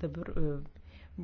dabar